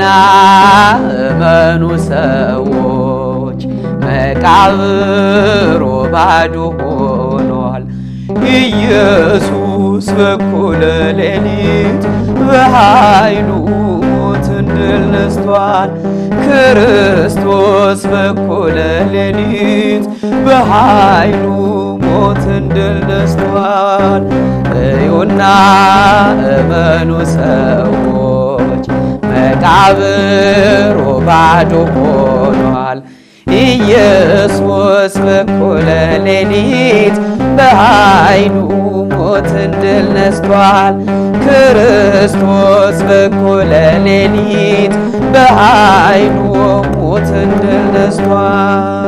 እና እመኑ ሰዎች መቃብሮ ባዶ ሆኗል። ኢየሱስ በኩለ ሌሊት በኃይሉ ሞትን ድል ነስቷል። ክርስቶስ በኩለ ሌሊት በኃይሉ ሞትን ድል ነስቷል። እዩና እመኑ ሰ መቃብሩ ባዶ ሆኗል። ኢየሱስ በኩለ ሌሊት በኃይሉ ሞትን ድል ነስቷል። ክርስቶስ በኩለ ሌሊት በኃይሉ ሞትን ድል ነስቷል።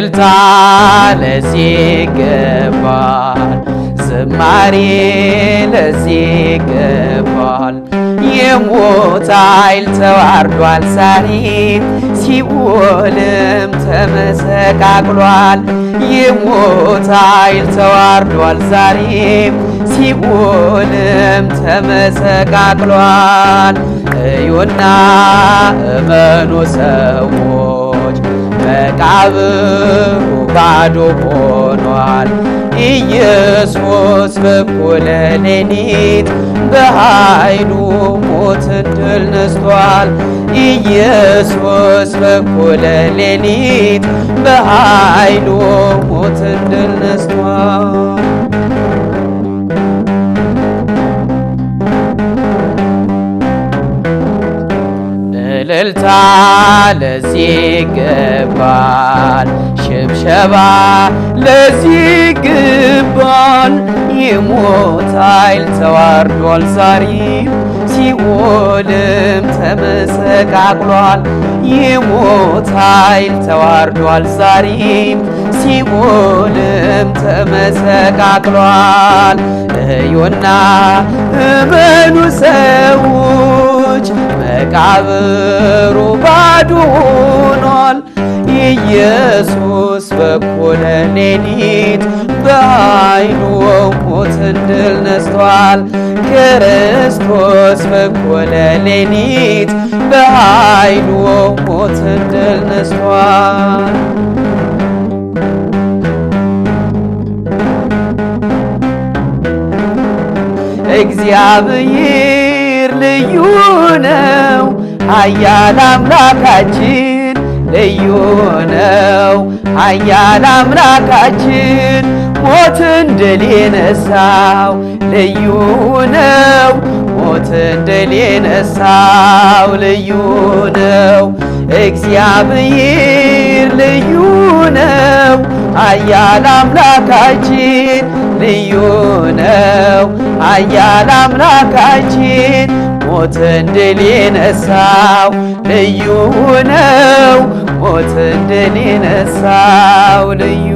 እልልታ ለዚህ ይገባል፣ ዝማሬ ለዚህ ይገባል። የሞት ኃይል ተዋርዷል ዛሬ ሲኦልም ተመሰቃቅሏል። የሞት ኃይል ተዋርዷል ዛሬ ሲኦልም ተመሰቃቅሏል። እዩና እመኑ ሰዎች መቃብሩ ባዶ ሆኗል። ኢየሱስ በኩለ ሌሊት በኃይሉ ሞትን ድል ነስቷል። ኢየሱስ በኩለ ሌሊት በኃይሉ ሞትን ድል እልልታ ለዚህ ይገባል፣ ሽብሸባ ለዚህ ይገባል። የሞት ኃይል ተዋርዷል፣ ዛሬም ሲኦልም ተመሰቃቅሏል። የሞት ኃይል ተዋርዷል፣ ዛሬም ሲኦልም ተመሰቃቅሏል። እመኑ መቃብሩ ባዶ ሆኗል። ኢየሱስ በኩለ ሌሊት በዓይኑ ሞትን ድል ነስቷል። ክርስቶስ በኩለ ሌሊት በዓይኑ ሞትን ድል ነስቷል። እግዚአብሔር እግዚአብሔር ልዩ ነው። ኃያል አምላካችን ልዩ ነው። ኃያል አምላካችን ሞትን ድል የነሳው ልዩ ነው። ሞትን ድል የነሳው ልዩ ነው። እግዚአብሔር ልዩ ነው። ኃያል አምላካችን ልዩ ነው አያል አምላካችን ሞትን ድል የነሳው ልዩ ነው ሞትን ድል የነሳው ልዩ